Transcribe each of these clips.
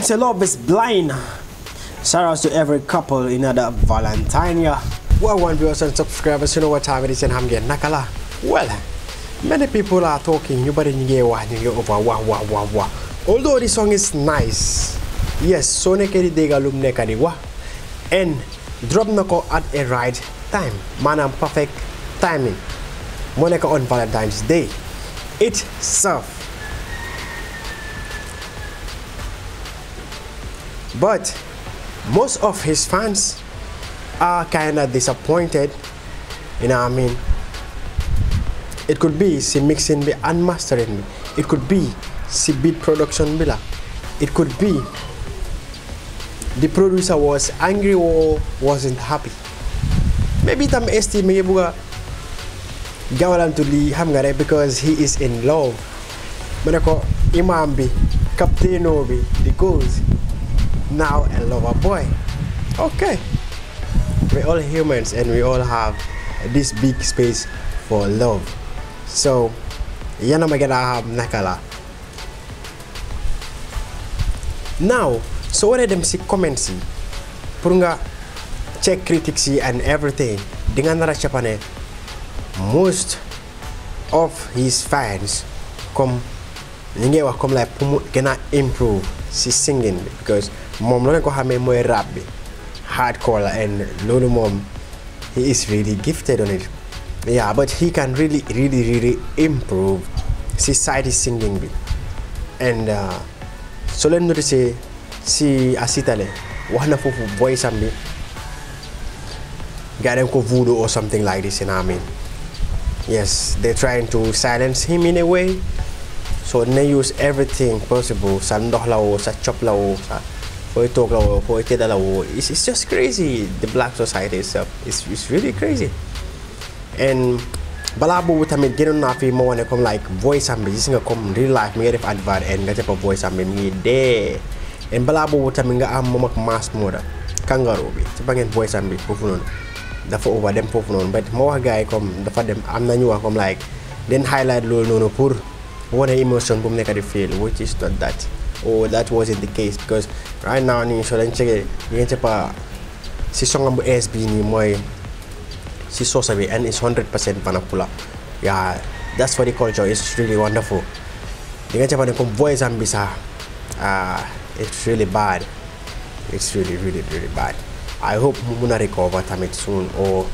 say love is blind. Shout out to every couple in other Valentine. Well, one viewers and subscribers, you know what time it is and I'm getting nakala. Well, many people are talking, you better get one, you over wah wah wah wah. Although this song is nice, yes, so Sonic Dega Lumne Kadiwa and drop nako at a right time. Manam perfect timing. Monica on Valentine's Day. It's served. But most of his fans are kind of disappointed. You know what I mean? It could be she mixing be and mastering me It could be she beat production bila. It could be the producer was angry or wasn't happy. Maybe tam esti mayabuga buga gawalan to li because he is in love. Manako imambi bi, captain Obi, the goals, now a lover boy okay we're all humans and we all have this big space for love so yan nakala now so what them si comments si puro check critics si and everything dengan nara most of his fans come ningewa come like pumu gonna improve si singing because Mom, loo leen ko xamee mooy rap bi hardcore la and loolu mom. he is really gifted on it yeah but he can really really really improve society singing bi and uh, soo leen notice si asitale wax na foofu voice am bi gaa dem ko voodoo or something like this you know what I mean yes they're trying to silence him in a way so they use everything possible sa ndox la woo sa cop la woo sa for Itoglawo, for Itedalawo. It's, it's just crazy. The black society itself is it's really crazy. And balaa boobu tamit génnoon naa fi ma wane come like voice am bi gis nga come real life mi nga def advert and nga a voice am bi mi ngi dee and balaa boobu tamit nga ah, am moom ak mass mooda kangaroo bi ci ba ngeen voice am bi foofu noonu dafa over dem foofu noonu but ma wax gars yi comme dafa dem am nañu wax comme like then highlight loolu noonu pour wane emotion bu mu nekk di feel which is not that or oh, that wasn't the case because right now in soo leen checkee ngeen seppa si songam bu ees bii nii si soosa and it's hundred percent Banapula yeah that's for the culture it's really wonderful You can seppa ne comme boys and bi ah it's really bad it's really really really bad I hope mumuna recover time it soon or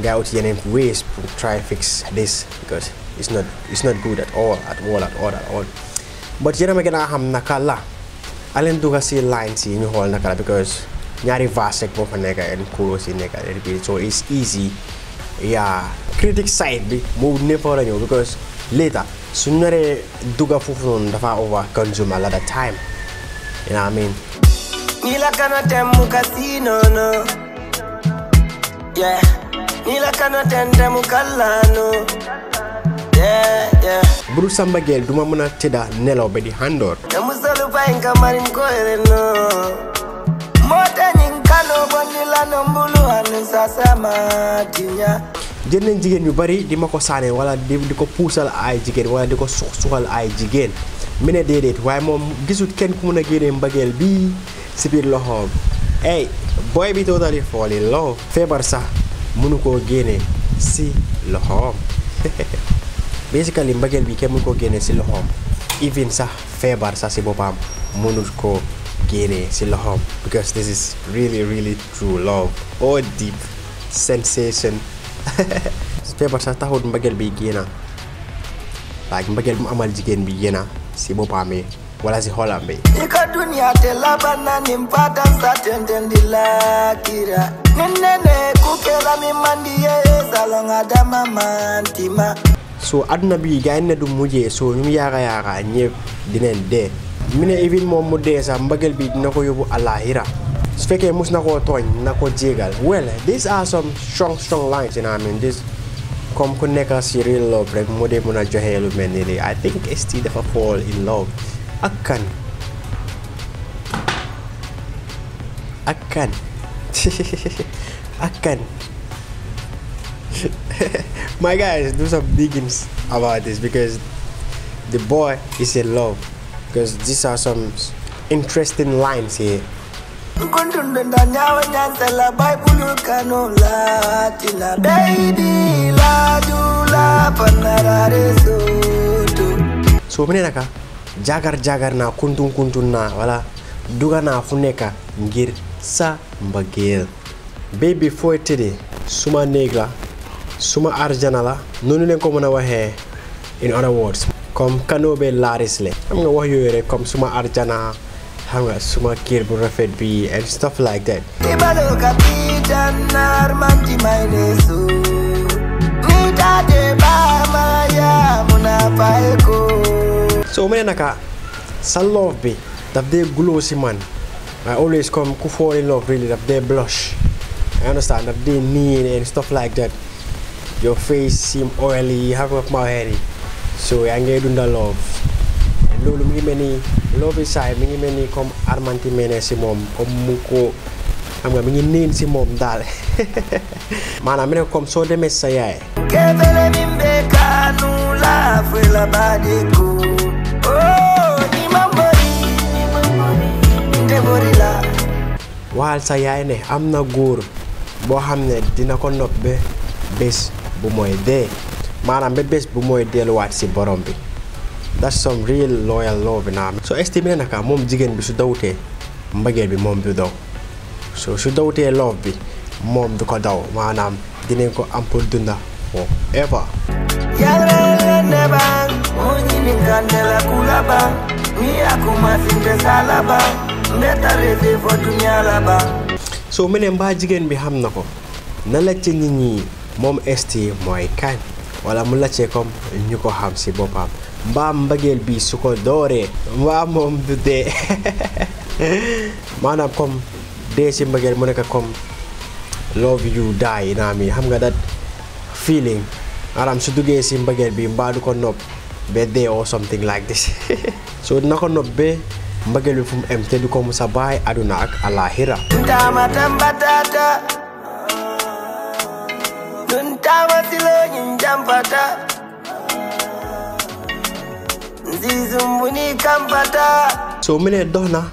get out yeneen ways to try fix this because it's not it's not good at all at all at all at all. but yene meke ham xam naka la alen duga si lines yi ñu xol naka because nyari vast rek mo fa nekk en si nega, en bi so it's easy yeah critic side bi mo never ñew because later suñ naré duga fofu dafa over consume a lot of time you know what i mean Nila kana tem mukasino no Yeah Nila kana tem mukallano yeah, yeah. buru samba gel duma mëna tëdda nelaw ba di handor dama ya. jigen yu bari di mako ko wala di ko puusal ay jigen wala di ko suxal ay jigen mi ne déedéet waaye moom gisut ken ku mun a génnee bi bii si biir hey boy bi totally fall in love feebar sax mënu si loxoom basically mbagel bi kenn mënu ko gene ci loxom even sax febar sax si bopam munul ko gene ci loxom because this is really really true love oh deep sensation febar sax taxul mbagel bi génna like mbagel mu amal jigen bi gene si bopam yi e. wala si xolam bi nika dunya te la ni mbata sa tende ndilakira ninene mama mimandiyeyezalongadamamantima so aduna bi na du muje so ñu yaaka yaaka ñepp dinen de mine even mom mu de sa mbagel bi dina ko yobu alahira su fekkee mus na togn nako na well these are some strong strong lines you know I mean this comme ko nekk si real love rek mu dee mëna joxé lu melni I think ST dafa fall in love akkan akkan akkan My guys, do some diggings about this because the boy is in love. Because these are some interesting lines here. so mine naka jagar jagar na kuntun kuntun na wala duga na funeka ngir sa mbagel baby for today, suma negra suma arjana la nonu len ko meuna waxe in other words comme kanobe laaris le xam nga wax yoy rek comme suma arjana xam nga suma kër bu rafet bi and stuff like that so mene naka sa love bi daf de glow si man I always come ku fall in love really daf de blush I understand daf dee need and stuff like that your face seem oily you have a mouth hair so yaa ngay dunda love loolu mi ngi love bi saay mi ngi mel comme armanti mené ci mom comme mu ko xam nga mi ngi neen ci mom dal manam mi eh. oh, eh, ne comme so demee sa yaay kefele mi mbekanu la fela badeko waxal sa yaay ne amna goor bo boo dina ko nopp bés bu mooy dee maanaam ba bés bu mooy delluwaat si borom bi that's some real loyal love bi naa so estimé naka moom jigéen bi su dawutee mbëggeel bi moom du daw so su dawutee love bi moom du ko daw maanaam dinañ ko am pour dunda forever soo mu ne mbaa jigéen bi xam na ko na la ci nit ñi moom ST mooy kañ wala mu laajte comme ñu ko xam si boppam mbaam mbëggeel bi su ko dooree mbaa moom du dee maanaam comme dee si mbëggeel mu nekk comme love you die naa mi xam nga dat feeling maanaam su duggee si mbëggeel bi mbaa du ko nopp ba dee or something like this so dina ko nopp ba mbëggeel bi fu mu em te du ko musa bàyyi àdduna ak alaaxira kampata nzizumbuni kampata so mine dohna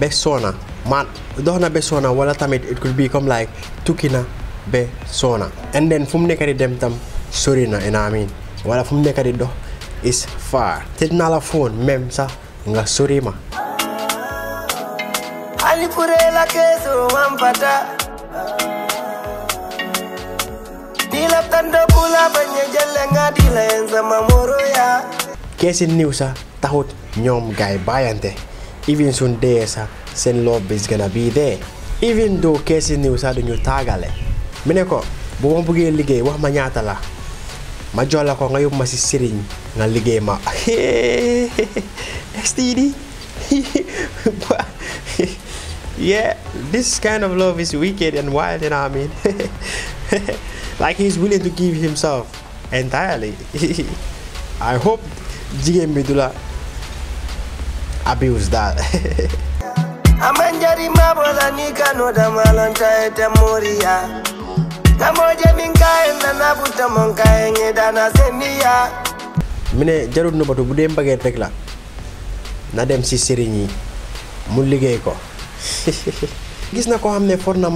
be sona man dohna be sona wala tamit it could be comme like tukina be sona and then fum kadi dem tam sorina and i mean wala fum nekadi doh is far tedna la phone même sa nga sorima alipurela keso wampata Dila tanda pula banya jalan ngadila yang sama moroya tahut nyom Even sun desa sen love is gonna be there Even though kesin niusa dunyu tagale Mineko buong bugi ligay wah manyata lah Majola ko ngayon masisirin ng ligay ma STD Yeah, this kind of love is wicked and wild, I mean? Like he's willing to give himself entirely. I hope GM Bidula abuse that. amanjari mabola nabuta mine jarut no batu bu dem rek la na dem si serigne mu gis na ko for na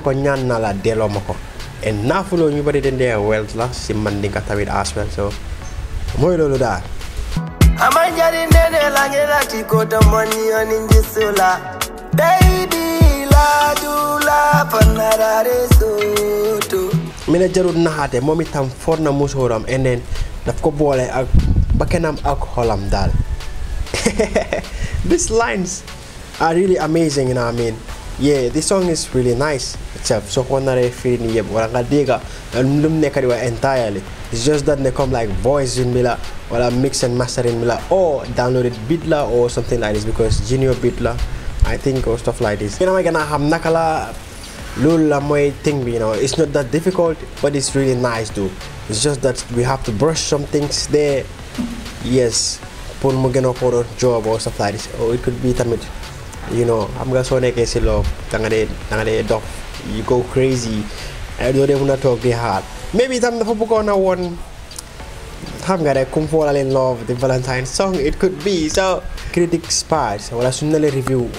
ko ñaan na la delo enough loolu ñu bari dañ dee wealth la si mandinka tamit as well so mooy loolu daal amanjari nene lange la ci ko tamani ani njisula baby la dula panarare soto mi ne jarul naxaate moom itam for na musóoram and daf ko boole ak bakkanam ak xolam daal these lines are really amazing you know yeah this song is really nice itself. So am feeling yep Warangadiga and Lumnekariwa entirely. It's just that they come like voice in Mila or a mix and master in Mila or downloaded Bitla or something like this because Junior Bitla I think or stuff like this. You know I gonna have Nakala Lula Moy thing, you know, it's not that difficult but it's really nice too. It's just that we have to brush some things there. Yes, pun mungkin for job or stuff like this. Or it could be tamit you know, I'm gonna show you a case of you go crazy I don't even want to talk hard maybe time the gonna one time gada kung fall in love with the Valentine song it could be so critics part wala sunale review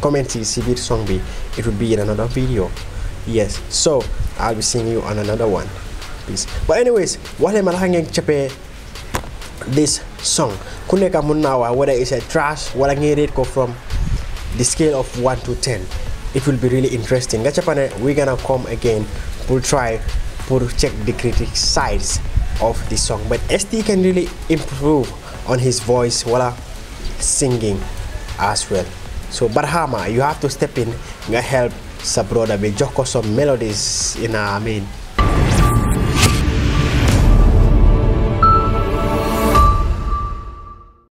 comments if this song be it would be in another video yes so I'll be seeing you on another one peace but anyways what am hanging chape this song kuneka munawa whether it's a trash What wala ngirit it from the scale of 1 to 10 it will be really interesting gachapane pane we're gonna come again We'll try we'll check the critic sides of the song but ST can really improve on his voice wala singing as well so Barhama you have to step in to help sa brother bi jox some melodies in I mean